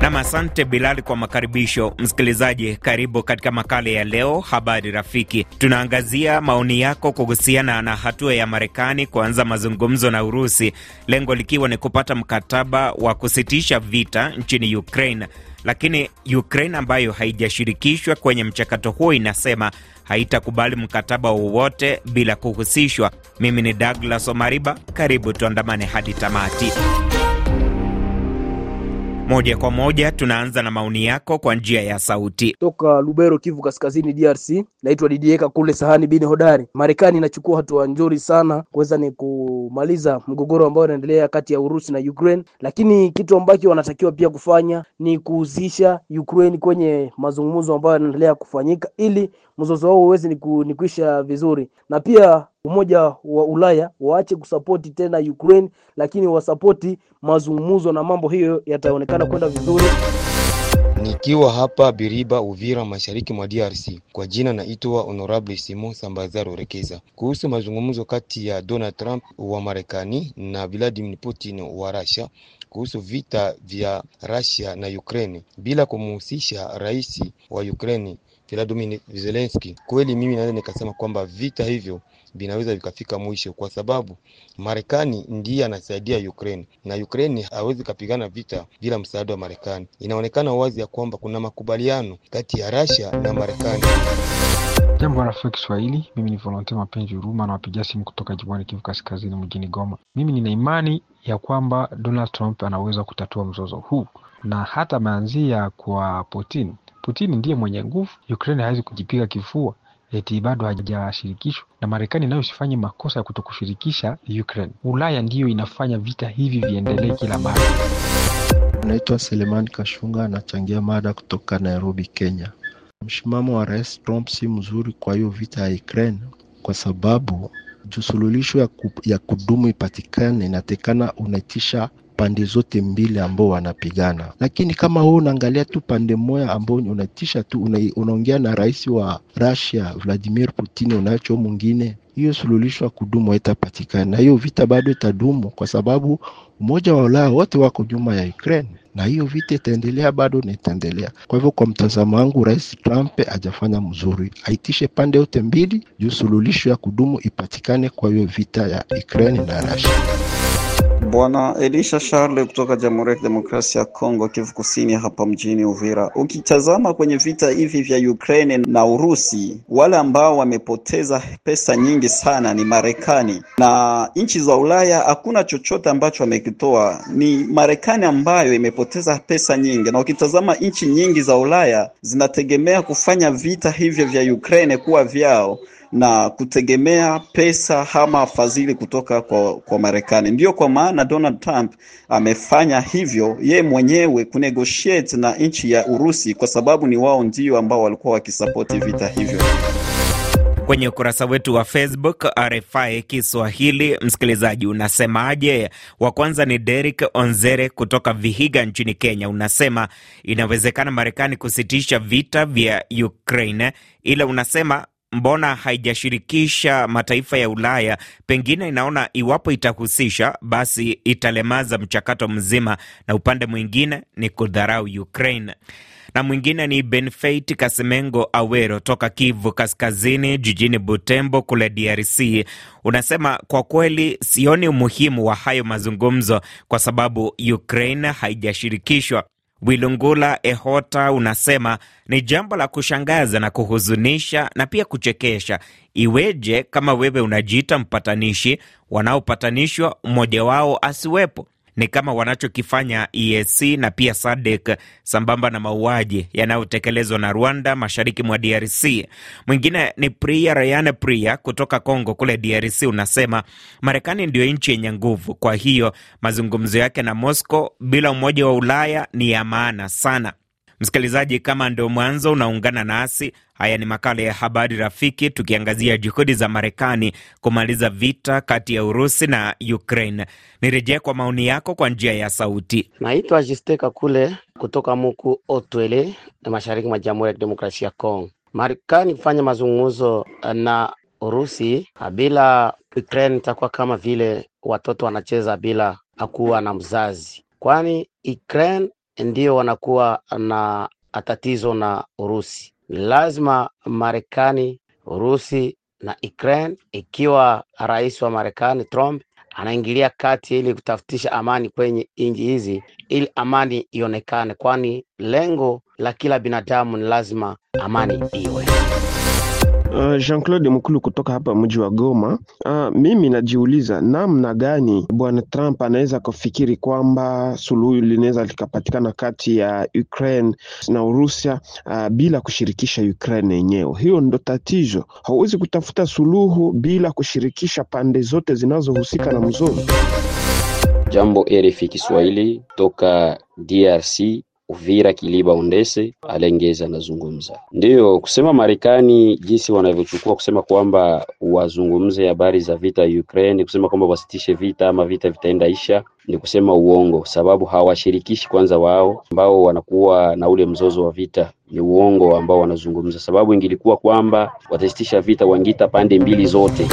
Nam, asante Bilal kwa makaribisho. Msikilizaji, karibu katika makala ya leo, habari rafiki. Tunaangazia maoni yako kuhusiana na hatua ya Marekani kuanza mazungumzo na Urusi, lengo likiwa ni kupata mkataba wa kusitisha vita nchini Ukraine. Lakini Ukraine ambayo haijashirikishwa kwenye mchakato huo inasema haitakubali mkataba wowote bila kuhusishwa. Mimi ni Douglas Omariba, karibu tuandamane hadi tamati. Moja kwa moja tunaanza na maoni yako kwa njia ya sauti toka Lubero, Kivu Kaskazini, DRC. Naitwa Didieka kule sahani bini hodari. Marekani inachukua hatua nzuri sana kuweza ni kumaliza mgogoro ambao unaendelea kati ya Urusi na Ukraine, lakini kitu ambacho wanatakiwa pia kufanya ni kuhusisha Ukraine kwenye mazungumzo ambayo yanaendelea kufanyika ili mzozo wao uweze ni kuisha vizuri, na pia Umoja wa Ulaya waache kusapoti tena Ukraine, lakini wasapoti mazungumzo na mambo hiyo yataonekana kwenda vizuri. Nikiwa hapa Biriba, Uvira, mashariki mwa DRC. Kwa jina naitwa Honorable Simon Sambazaro Rekeza. Kuhusu mazungumzo kati ya Donald Trump wa Marekani na Vladimir Putin wa Russia kuhusu vita vya Russia na Ukraine bila kumhusisha rais wa Ukraine Vladimir Zelensky, kweli mimi naweza nikasema kwamba vita hivyo vinaweza vikafika mwisho, kwa sababu Marekani ndiye anasaidia Ukraine na Ukraine hawezi kapigana vita bila msaada wa Marekani. Inaonekana wazi ya kwamba kuna makubaliano kati ya Russia na Marekani. Jambo rafiki Kiswahili, mimi ni Volonte Mapenzi Huruma na wapiga simu kutoka jimboni Kivu Kaskazini, mjini Goma. Mimi nina imani ya kwamba Donald Trump anaweza kutatua mzozo huu na hata ameanzia kwa Putin. Putin ndiye mwenye nguvu, Ukraine hawezi kujipiga kifua eti bado hajashirikishwa na Marekani nayo isifanye makosa ya kutokushirikisha Ukraine. Ulaya ndiyo inafanya vita hivi viendelee kila mara. Naitwa Seleman Kashunga, anachangia mada kutoka Nairobi, Kenya. Msimamo wa Rais Trump si mzuri kwa hiyo vita ya Ukraine kwa sababu jusululisho ya kudumu ipatikane, inatekana unaitisha pande zote mbili ambao wanapigana. Lakini kama wewe unaangalia tu pande moja ambao unatisha tu una, unaongea na rais wa Russia Vladimir Putin, unacho mwingine, hiyo suluhisho ya kudumu haitapatikana, na hiyo vita bado itadumu kwa sababu Umoja wa Ulaya wote wako nyuma ya Ukraine na hiyo vita itaendelea bado na itaendelea. Kwa hivyo, kwa mtazamo wangu, Rais Trump hajafanya mzuri, aitishe pande yote mbili juu suluhisho ya kudumu ipatikane kwa hiyo vita ya Ukraine na Russia. Bwana Elisha Charle kutoka Jamhuri ya Kidemokrasia ya Kongo, Kivu Kusini, hapa mjini Uvira. Ukitazama kwenye vita hivi vya Ukraine na Urusi, wale ambao wamepoteza pesa nyingi sana ni Marekani na nchi za Ulaya. Hakuna chochote ambacho wamekitoa, ni Marekani ambayo imepoteza pesa nyingi, na ukitazama nchi nyingi za Ulaya zinategemea kufanya vita hivyo vya Ukraine kuwa vyao na kutegemea pesa ama fadhili kutoka kwa, kwa Marekani. ndio kwa maana Donald Trump amefanya hivyo ye mwenyewe kunegotiate na nchi ya Urusi, kwa sababu ni wao ndio ambao walikuwa wakisapoti vita hivyo. Kwenye ukurasa wetu wa Facebook RFI Kiswahili, msikilizaji unasemaje? Wa kwanza ni Derek Onzere kutoka Vihiga nchini Kenya, unasema inawezekana Marekani kusitisha vita vya Ukraine, ila unasema mbona haijashirikisha mataifa ya Ulaya? Pengine inaona iwapo itahusisha, basi italemaza mchakato mzima, na upande mwingine ni kudharau Ukraine na mwingine ni Benfeit Kasemengo Awero toka Kivu Kaskazini, jijini Butembo kule DRC. Unasema kwa kweli, sioni umuhimu wa hayo mazungumzo kwa sababu Ukraine haijashirikishwa. Wilungula Ehota unasema ni jambo la kushangaza na kuhuzunisha na pia kuchekesha. Iweje kama wewe unajiita mpatanishi, wanaopatanishwa mmoja wao asiwepo? ni kama wanachokifanya EAC na pia SADC sambamba na mauaji yanayotekelezwa na Rwanda mashariki mwa DRC. Mwingine ni Priya Rayane Priya kutoka congo kule DRC, unasema Marekani ndiyo nchi yenye nguvu, kwa hiyo mazungumzo yake na Moscow bila Umoja wa Ulaya ni ya maana sana. Msikilizaji, kama ndio mwanzo unaungana nasi, haya ni makala ya Habari Rafiki, tukiangazia juhudi za Marekani kumaliza vita kati ya Urusi na Ukraine. Nirejee kwa maoni yako kwa njia ya sauti. Naitwa Jisteka Kule kutoka Muku Otwele, mashariki mwa Jamhuri ya Kidemokrasia ya Kongo. Marekani kufanya mazungumzo na Urusi bila Ukraine itakuwa kama vile watoto wanacheza bila hakuwa na mzazi, kwani Ukraine ndio wanakuwa na tatizo na Urusi. Lazima Marekani, Urusi na Ukraine, ikiwa rais wa Marekani Trump anaingilia kati ili kutafutisha amani kwenye nchi hizi, ili amani ionekane, kwani lengo la kila binadamu ni lazima amani iwe. Uh, Jean-Claude Mukulu kutoka hapa mji wa Goma. Uh, mimi najiuliza namna gani bwana Trump anaweza kufikiri kwamba suluhu linaweza likapatikana kati ya Ukraine na Urusia uh, bila kushirikisha Ukraine yenyewe. Hiyo ndo tatizo, hauwezi kutafuta suluhu bila kushirikisha pande zote zinazohusika na mzozo. Jambo RFI Kiswahili toka DRC Uvira, Kiliba, Undese, Alengeza anazungumza. Ndiyo kusema Marekani jinsi wanavyochukua kusema kwamba wazungumze habari za vita Ukraine, kusema kwamba wasitishe vita ama vita vitaenda isha, ni kusema uongo, sababu hawashirikishi kwanza wao ambao wanakuwa na ule mzozo wa vita ni uongo ambao wanazungumza, sababu ingilikuwa kwamba watasitisha vita, wangita pande mbili zote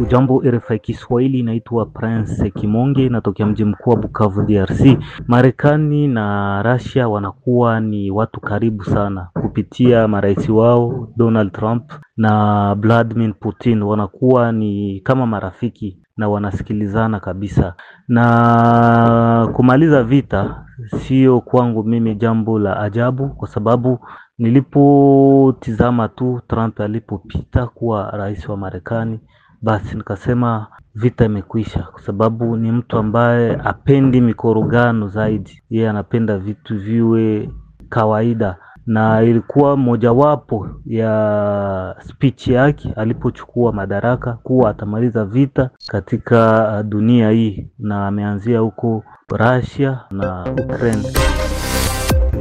Ujambo RFI Kiswahili, inaitwa Prince Kimonge, natokea mji mkuu wa Bukavu, DRC. Marekani na Russia wanakuwa ni watu karibu sana kupitia marais wao Donald Trump na Vladimir Putin, wanakuwa ni kama marafiki na wanasikilizana kabisa. Na kumaliza vita sio kwangu mimi jambo la ajabu, kwa sababu nilipotizama tu Trump alipopita kuwa rais wa Marekani basi nikasema vita imekwisha, kwa sababu ni mtu ambaye apendi mikorogano zaidi. Yeye anapenda vitu viwe kawaida, na ilikuwa mojawapo ya speech yake alipochukua madaraka kuwa atamaliza vita katika dunia hii, na ameanzia huko Russia na Ukraine.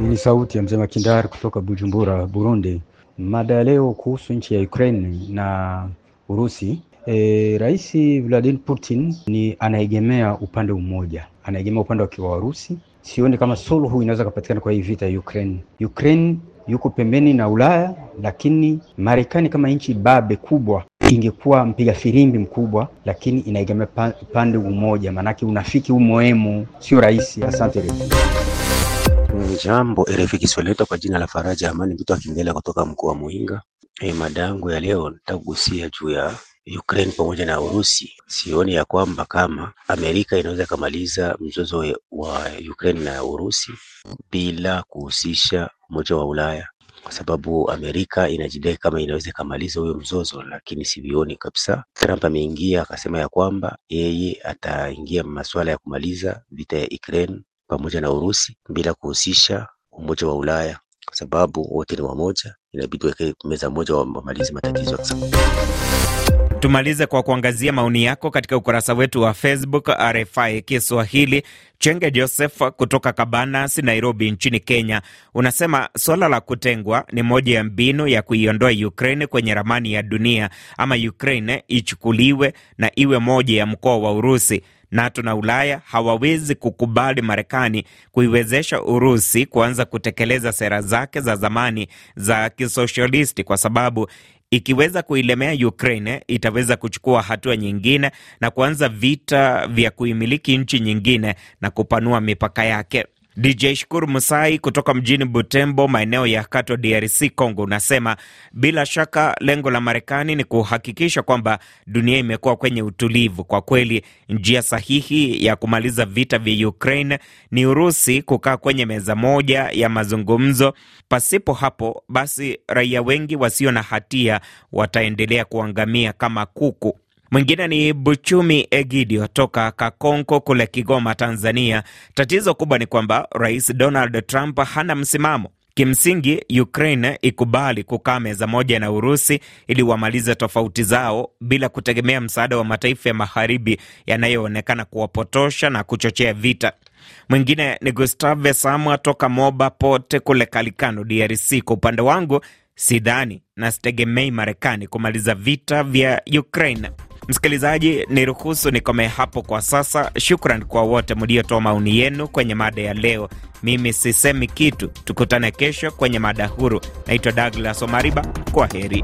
Ni sauti ya mzee Makindari kutoka Bujumbura, Burundi. Mada ya leo kuhusu nchi ya Ukraine na Urusi E, Rais Vladimir Putin ni anaegemea upande mmoja, anaegemea upande wa kiwarusi Sioni kama suluhu inaweza kupatikana kwa hii vita ya Ukraine. Ukraine yuko pembeni na Ulaya, lakini Marekani kama nchi babe kubwa ingekuwa mpiga firimbi mkubwa, lakini inaegemea pande umoja, maanake unafiki umoemu sio rahisi. Asante. Jambo RFI Kiswahili, kwa jina la Faraja Amani Mtu akiendelea kutoka mkoa wa Muinga. E, eh, mada yangu ya leo nitagusia juu ya Ukraine pamoja na Urusi, sioni ya kwamba kama Amerika inaweza ikamaliza mzozo wa Ukraine na Urusi bila kuhusisha Umoja wa Ulaya, kwa sababu Amerika inajidai kama inaweza ikamaliza huyo mzozo, lakini sivioni kabisa. Trump ameingia akasema ya kwamba yeye ataingia masuala ya kumaliza vita ya Ukraine pamoja na Urusi bila kuhusisha Umoja wa Ulaya kwa sababu wote ni wamoja, inabidi weke meza moja wamalizi matatizo. Tumalize kwa kuangazia maoni yako katika ukurasa wetu wa Facebook RFI Kiswahili. Chenge Joseph kutoka Kabanas, Nairobi nchini Kenya, unasema suala la kutengwa ni moja ya mbinu ya kuiondoa Ukraine kwenye ramani ya dunia, ama Ukraine ichukuliwe na iwe moja ya mkoa wa Urusi. NATO na Ulaya hawawezi kukubali Marekani kuiwezesha Urusi kuanza kutekeleza sera zake za zamani za kisoshalisti kwa sababu ikiweza kuilemea Ukraine itaweza kuchukua hatua nyingine na kuanza vita vya kuimiliki nchi nyingine na kupanua mipaka yake. DJ Shukuru Musai kutoka mjini Butembo, maeneo ya Kato, DRC Congo, unasema bila shaka lengo la Marekani ni kuhakikisha kwamba dunia imekuwa kwenye utulivu. Kwa kweli, njia sahihi ya kumaliza vita vya Ukraine ni Urusi kukaa kwenye meza moja ya mazungumzo. Pasipo hapo, basi raia wengi wasio na hatia wataendelea kuangamia kama kuku. Mwingine ni Buchumi Egidio toka Kakonko kule Kigoma, Tanzania. Tatizo kubwa ni kwamba Rais Donald Trump hana msimamo. Kimsingi, Ukraine ikubali kukaa meza moja na Urusi ili wamalize tofauti zao bila kutegemea msaada wa mataifa ya magharibi yanayoonekana kuwapotosha na kuchochea vita. Mwingine ni Gustave Samwa toka Moba Pote kule Kalikano, DRC. Kwa upande wangu, sidhani na sitegemei Marekani kumaliza vita vya Ukraine. Msikilizaji, niruhusu nikome hapo kwa sasa. Shukran kwa wote mliotoa maoni yenu kwenye mada ya leo. Mimi sisemi kitu, tukutane kesho kwenye mada huru. Naitwa Douglas Omariba, kwa heri.